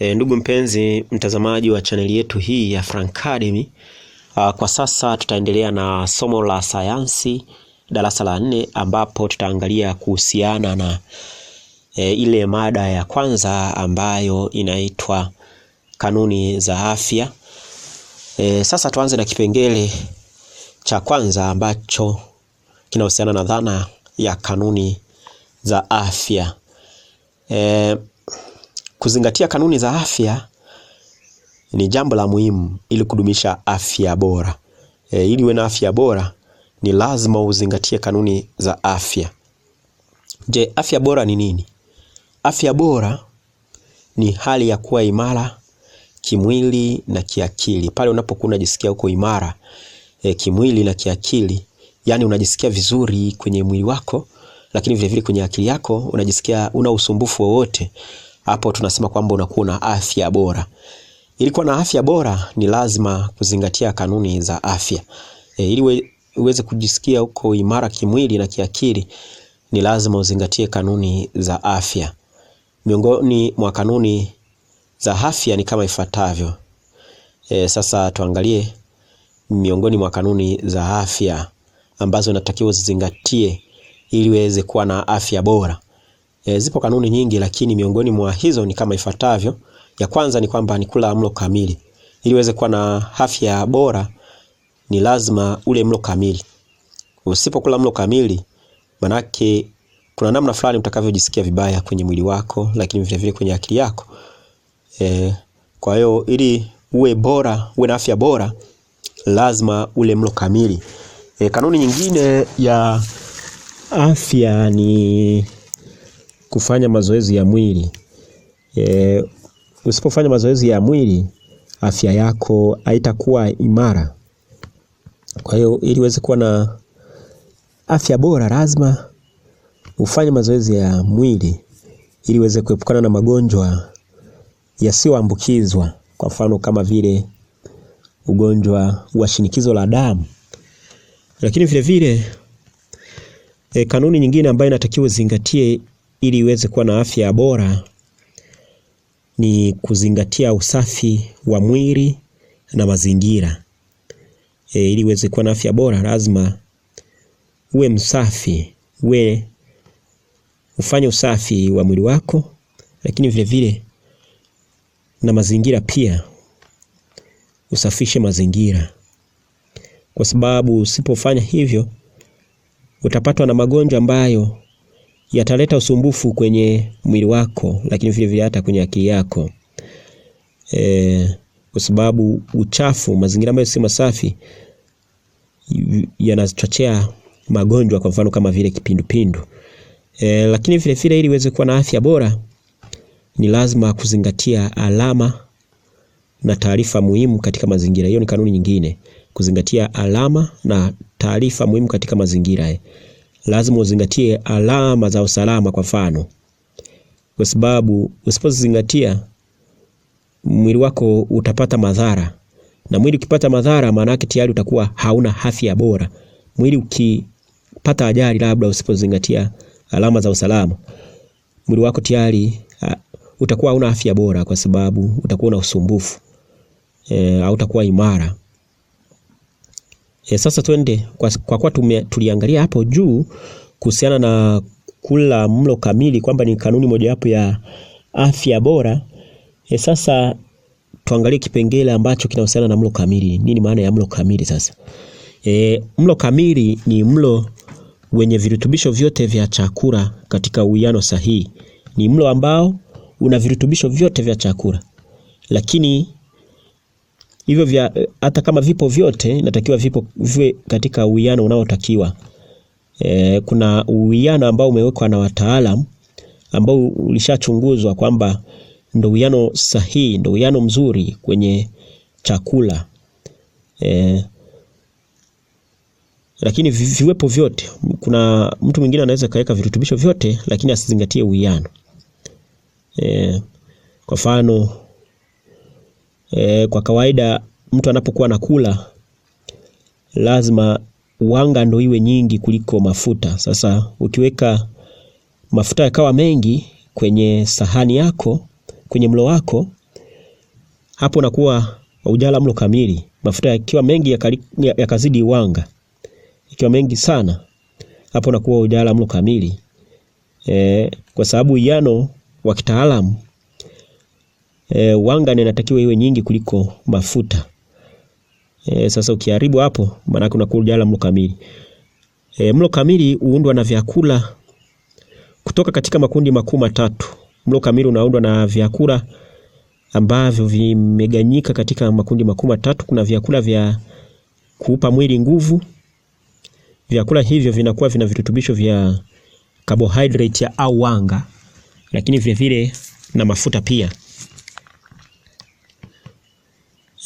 E, ndugu mpenzi mtazamaji wa chaneli yetu hii ya A, ah, Kwa sasa tutaendelea na somo la sayansi darasa la nne ambapo tutaangalia kuhusiana na e, ile mada ya kwanza ambayo inaitwa kanuni za afya. E, sasa tuanze na kipengele cha kwanza ambacho kinahusiana na dhana ya kanuni za afya. E, Kuzingatia kanuni za afya ni jambo la muhimu ili kudumisha afya bora. E, ili uwe na afya bora ni lazima uzingatie kanuni za afya. Je, afya bora ni nini? Afya bora ni hali ya kuwa imara kimwili na kiakili. Pale unapokuwa unajisikia uko imara e, kimwili na kiakili, yani unajisikia vizuri kwenye mwili wako, lakini vilevile kwenye akili yako unajisikia una usumbufu wowote, hapo tunasema kwamba unakuwa na afya bora. Ili kuwa na afya bora ni lazima kuzingatia kanuni za afya. E, ili uweze kujisikia uko imara kimwili na kiakili ni lazima uzingatie kanuni za afya. Miongoni mwa kanuni za afya ni kama ifuatavyo. E, sasa tuangalie miongoni mwa kanuni za afya ambazo natakiwa zizingatie ili uweze kuwa na afya bora. E, zipo kanuni nyingi lakini miongoni mwa hizo ni kama ifuatavyo. Ya kwanza ni kwamba ni kula mlo kamili. Ili uweze kuwa na afya bora ni lazima ule mlo kamili. Usipokula mlo kamili, manake kuna namna fulani utakavyojisikia vibaya kwenye mwili wako, lakini vile vile kwenye akili yako. E, kwa hiyo ili uwe bora, uwe na afya bora, lazima ule mlo kamili. E, kanuni nyingine ya afya ni kufanya mazoezi ya mwili e, usipofanya mazoezi ya mwili afya yako haitakuwa imara. Kwa hiyo ili uweze kuwa na afya bora, lazima ufanye mazoezi ya mwili ili uweze kuepukana na magonjwa yasiyoambukizwa, kwa mfano kama vile ugonjwa wa shinikizo la damu. Lakini vile vile e, kanuni nyingine ambayo inatakiwa uzingatie ili iweze kuwa na afya bora ni kuzingatia usafi wa mwili na mazingira. E, ili uweze kuwa na afya bora lazima uwe msafi, uwe ufanye usafi wa mwili wako, lakini vile vile na mazingira pia usafishe mazingira, kwa sababu usipofanya hivyo utapatwa na magonjwa ambayo yataleta usumbufu kwenye mwili wako, lakini vile vile hata kwenye akili yako e, kwa sababu uchafu, mazingira ambayo si masafi yanachochea magonjwa, kwa mfano kama vile kipindupindu e, lakini vile vile ili uweze kuwa na afya bora ni lazima kuzingatia alama na taarifa muhimu katika mazingira. Hiyo ni kanuni nyingine, kuzingatia alama na taarifa muhimu katika mazingira lazima uzingatie alama za usalama kwa mfano, kwa sababu usipozingatia mwili wako utapata madhara, na mwili ukipata madhara, maana yake tayari utakuwa hauna afya bora. Mwili ukipata ajali, labda usipozingatia alama za usalama, mwili wako tayari utakuwa hauna afya bora, kwa sababu utakuwa na usumbufu e, au utakuwa imara. E, sasa twende kwa, kwa kuwa tuliangalia hapo juu kuhusiana na kula mlo kamili kwamba ni kanuni mojawapo ya afya bora. E, sasa tuangalie kipengele ambacho kinahusiana na mlo kamili. Nini maana ya mlo kamili sasa? E, mlo kamili ni mlo wenye virutubisho vyote vya chakula katika uwiano sahihi. Ni mlo ambao una virutubisho vyote vya chakula, lakini hivyo vya hata kama vipo vyote inatakiwa vipo viwe katika uwiano unaotakiwa. E, kuna uwiano ambao umewekwa na wataalam ambao ulishachunguzwa kwamba ndo uwiano sahihi, ndo uwiano mzuri kwenye chakula e, lakini viwepo vyote. Kuna mtu mwingine anaweza kaweka virutubisho vyote, lakini asizingatie uwiano e, kwa mfano e, kwa kawaida mtu anapokuwa nakula lazima wanga ndo iwe nyingi kuliko mafuta. Sasa ukiweka mafuta yakawa mengi kwenye sahani yako, kwenye mlo wako, hapo unakuwa ujala mlo kamili. Mafuta yakiwa mengi yakazidi ya wanga, ikiwa mengi sana, hapo unakuwa ujala mlo kamili e, kwa sababu yano wa kitaalamu e, wangani inatakiwa iwe nyingi kuliko mafuta. E, sasa ukiharibu hapo maanake unakujala mlo kamili. E, mlo kamili huundwa na vyakula kutoka katika makundi makuu matatu. Mlo kamili unaundwa na vyakula ambavyo vimeganyika katika makundi makuu matatu. Kuna vyakula vya kuupa mwili nguvu. Vyakula hivyo vinakuwa vina virutubisho vya carbohydrate au wanga, lakini vilevile na mafuta pia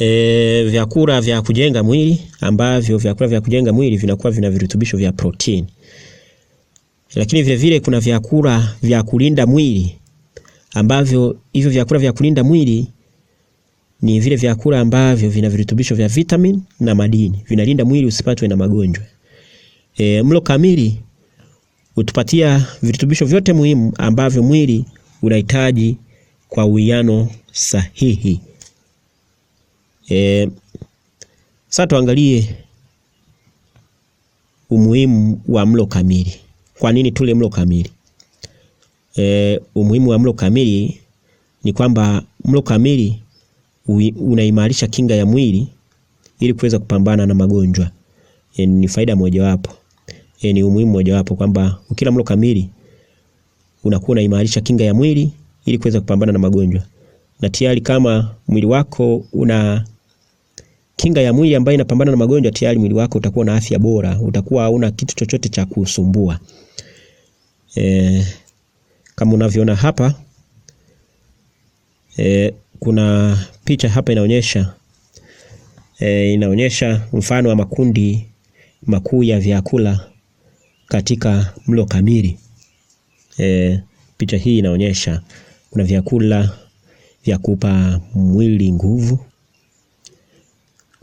e, vyakula vya kujenga mwili ambavyo vyakula vya kujenga mwili vinakuwa vina virutubisho vya protini. Lakini vile vile kuna vyakula vya kulinda mwili ambavyo hivyo vyakula vya kulinda mwili ni vile vyakula ambavyo vina virutubisho vya vitamin na madini, vinalinda mwili usipatwe na magonjwa. E, mlo kamili utupatia virutubisho vyote muhimu ambavyo mwili unahitaji kwa uwiano sahihi. E, sasa tuangalie umuhimu wa mlo kamili. Kwa nini tule mlo kamili? E, umuhimu wa mlo kamili ni kwamba mlo kamili unaimarisha kinga ya mwili ili kuweza kupambana na magonjwa. E, ni faida mojawapo. E, ni umuhimu mojawapo kwamba ukila mlo kamili unakuwa unaimarisha kinga ya mwili ili kuweza kupambana na magonjwa, na tayari kama mwili wako una kinga ya mwili ambayo inapambana na magonjwa, tayari mwili wako utakuwa na afya bora, utakuwa hauna kitu chochote cha kusumbua. E, kama unavyoona hapa e, kuna picha hapa inaonyesha e, inaonyesha mfano wa makundi makuu ya vyakula katika mlo kamili. E, picha hii inaonyesha kuna vyakula vya kupa mwili nguvu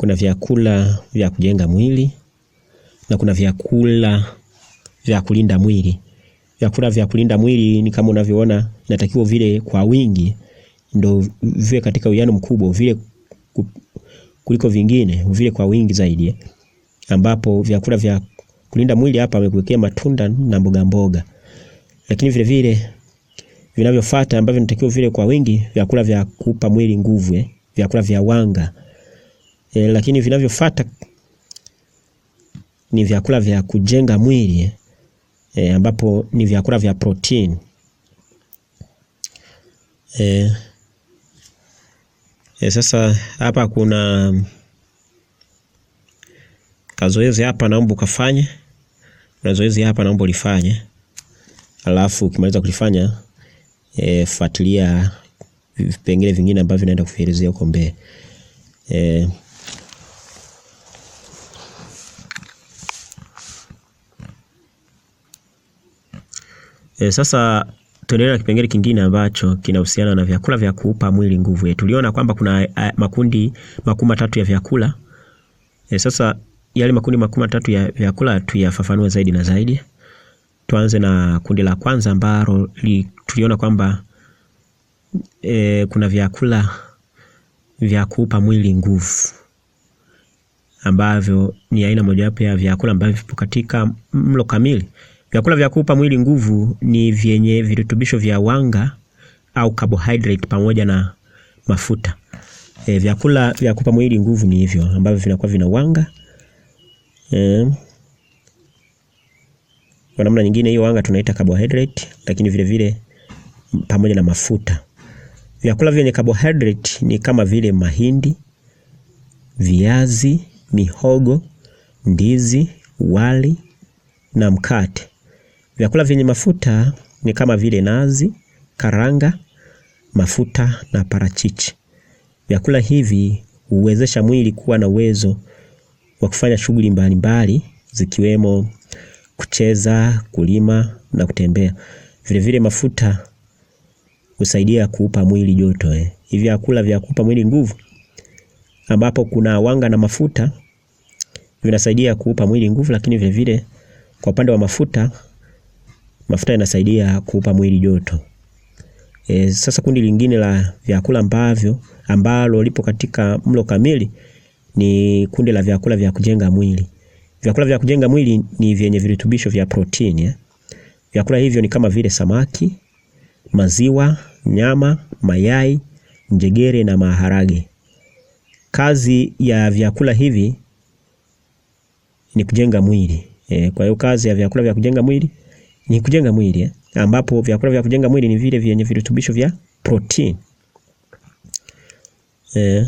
kuna vyakula vya kujenga mwili na kuna vyakula vya kulinda mwili. Vyakula vya kulinda mwili ni kama unavyoona, inatakiwa vile kwa wingi, ndo vile katika uwiano mkubwa vile kuliko vingine, vile kwa wingi zaidi, ambapo vyakula vya kulinda mwili hapa amekuwekea matunda na mboga mboga, lakini vile vile vinavyofuata ambavyo natakiwa vile kwa wingi, vyakula vya kupa mwili nguvu, eh, vyakula vya wanga e, lakini vinavyofuata ni vyakula vya kujenga mwili e, ambapo ni vyakula vya protini e, e, sasa hapa kuna kazoezi hapa naomba ukafanye na hapa naomba ulifanye, alafu ukimaliza kulifanya e, fuatilia vipengele vingine ambavyo naenda kuvielezea huko mbele e. E, sasa tuendelee na kipengele kingine ambacho kinahusiana na vyakula vya kuupa mwili nguvu. E, tuliona kwamba kuna a, eh, makundi makuu matatu ya vyakula. E, sasa yale makundi makuu matatu ya vyakula tuyafafanue zaidi na zaidi. Tuanze na kundi la kwanza ambalo tuliona kwamba e, kuna vyakula vya kuupa mwili nguvu ambavyo ni aina mojawapo ya vyakula ambavyo vipo katika mlo kamili. Vyakula vya kupa mwili nguvu ni vyenye virutubisho vya wanga au carbohydrate pamoja na mafuta. E, vyakula vya kupa mwili nguvu ni hivyo ambavyo vinakuwa vina wanga. E, kwa namna nyingine hiyo wanga tunaita carbohydrate, lakini vile vile pamoja na mafuta. Vyakula vyenye carbohydrate ni kama vile mahindi, viazi, mihogo, ndizi, wali na mkate. Vyakula vyenye mafuta ni kama vile nazi, karanga, mafuta na parachichi. Vyakula hivi huwezesha mwili kuwa na uwezo wa kufanya shughuli mbalimbali zikiwemo kucheza, kulima na kutembea. Vilevile mafuta husaidia kuupa mwili joto. Eh. Hivi vyakula vya kupa mwili nguvu ambapo kuna wanga na mafuta vinasaidia kuupa mwili nguvu, lakini vilevile kwa upande wa mafuta Mafuta yanasaidia kuupa mwili joto. E, sasa kundi lingine la vyakula ambavyo ambalo lipo katika mlo kamili ni kundi la vyakula vya kujenga mwili. Vyakula vya kujenga mwili ni vyenye virutubisho vya protini Vyakula hivyo ni kama vile samaki, maziwa, nyama, mayai, njegere na maharage. Kazi ya vyakula hivi ni kujenga mwili. E, kwa hiyo kazi ya vyakula vya kujenga mwili ni kujenga mwili eh? ambapo vyakula vya kujenga mwili ni vile vyenye virutubisho vya protein eh,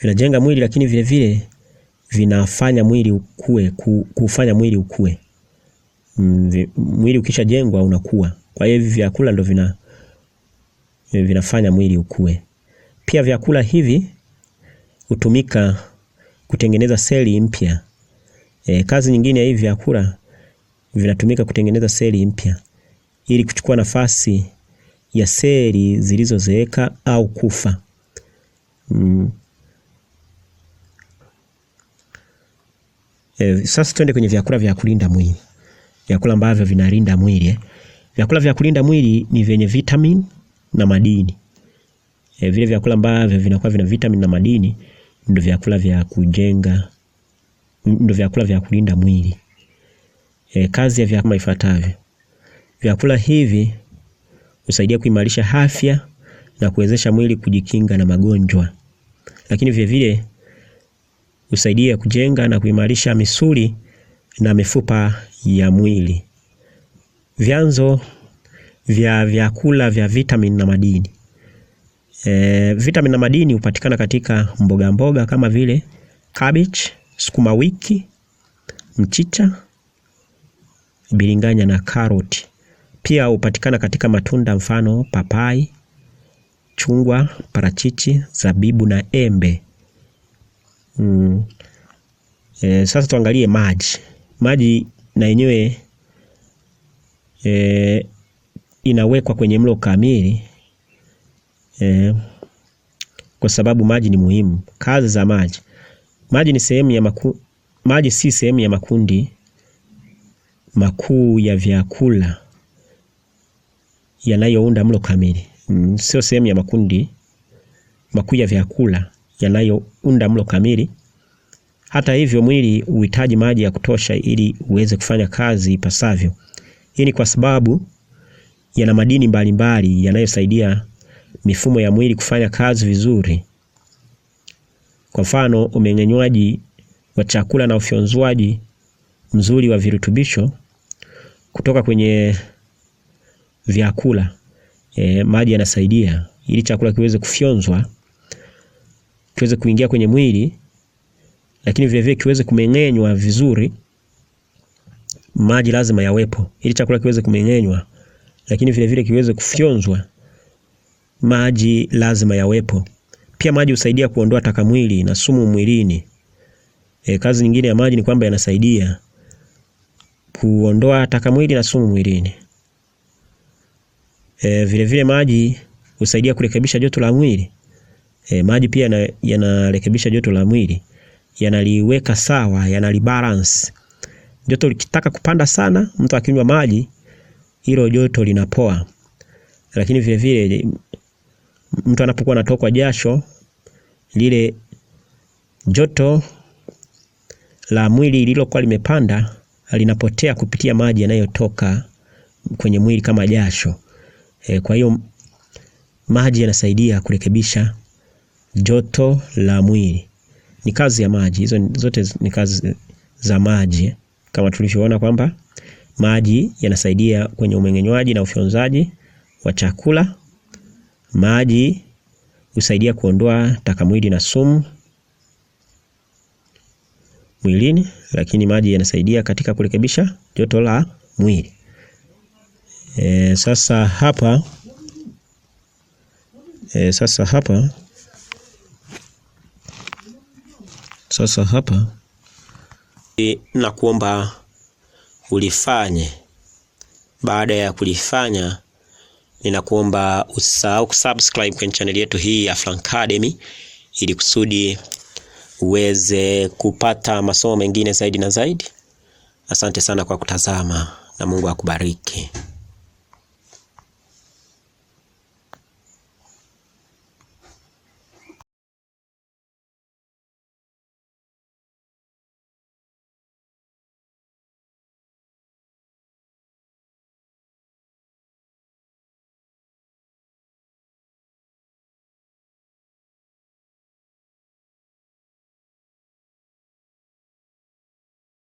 vinajenga mwili lakini vile vile vinafanya mwili ukue, kufanya mwili ukue. Mm, mwili ukishajengwa unakuwa. Kwa hiyo hivi vyakula ndo vina vinafanya mwili ukue. Pia vyakula hivi hutumika kutengeneza seli mpya. E, kazi nyingine ya hivi vyakula vinatumika kutengeneza seli mpya ili kuchukua nafasi ya seli zilizozeeka au kufa. Mm. E, sasa twende kwenye vyakula vya kulinda mwili. Vyakula ambavyo vinalinda mwili eh. Vyakula vya kulinda mwili ni vyenye vitamin na madini. E, vile vyakula ambavyo vinakuwa vina vitamin na madini ndio vyakula vya kujenga, ndio vyakula vya kulinda mwili e, kazi ya vyakula ifuatavyo. Vyakula hivi husaidia kuimarisha afya na kuwezesha mwili kujikinga na magonjwa, lakini vilevile husaidia kujenga na kuimarisha misuli na mifupa ya mwili. Vyanzo vya vyakula vya vitamini na madini. E, vitamini na madini hupatikana katika mboga mboga kama vile kabichi, sukuma wiki, mchicha, biringanya na karoti. Pia hupatikana katika matunda mfano papai, chungwa, parachichi, zabibu na embe. Mm. E, sasa tuangalie maji. Maji na yenyewe e, inawekwa kwenye mlo kamili e, kwa sababu maji ni muhimu. Kazi za maji. Maji ni sehemu ya maku, maji si sehemu ya makundi makuu ya vyakula yanayounda mlo kamili. Mm, sio sehemu ya makundi makuu ya vyakula yanayounda mlo kamili. Hata hivyo, mwili uhitaji maji ya kutosha ili uweze kufanya kazi ipasavyo. Hii ni kwa sababu yana madini mbalimbali yanayosaidia mifumo ya mwili kufanya kazi vizuri. Kwa mfano, umeng'enywaji wa chakula na ufyonzwaji mzuri wa virutubisho kutoka kwenye vyakula e, maji yanasaidia ili chakula kiweze kufyonzwa kiweze kuingia kwenye mwili, lakini vile vile kiweze kumeng'enywa vizuri. Maji lazima yawepo ili chakula kiweze kumeng'enywa, lakini vile vile kiweze kufyonzwa. Maji lazima yawepo. Pia maji husaidia kuondoa taka mwili na sumu mwilini. E, kazi nyingine ya maji ni kwamba yanasaidia kuondoa mwili na sumu mwilini. E, vile vile maji husaidia kurekebisha joto la mwili. E, maji pia yanarekebisha joto la mwili, yanaliweka sawa, yanalibalance. Joto likitaka kupanda sana, mtu akinywa maji, hilo joto linapoa. Lakini vile vile mtu anapokuwa anatokwa jasho, lile joto la mwili lililokuwa limepanda linapotea kupitia maji yanayotoka kwenye mwili kama jasho. E, kwa hiyo maji yanasaidia kurekebisha joto la mwili. Ni kazi ya maji, hizo zote ni kazi za maji, kama tulivyoona kwamba maji yanasaidia kwenye umeng'enywaji na ufyonzaji wa chakula. Maji husaidia kuondoa takamwili na sumu mwilini lakini maji yanasaidia katika kurekebisha joto la mwili. E, sasa hapa e, sasa hapa sasa hapa e, na kuomba ulifanye. Baada ya kulifanya, ninakuomba usahau kusubscribe kwenye chaneli yetu hii ya Afrancademy ili kusudi uweze kupata masomo mengine zaidi na zaidi. Asante sana kwa kutazama na Mungu akubariki.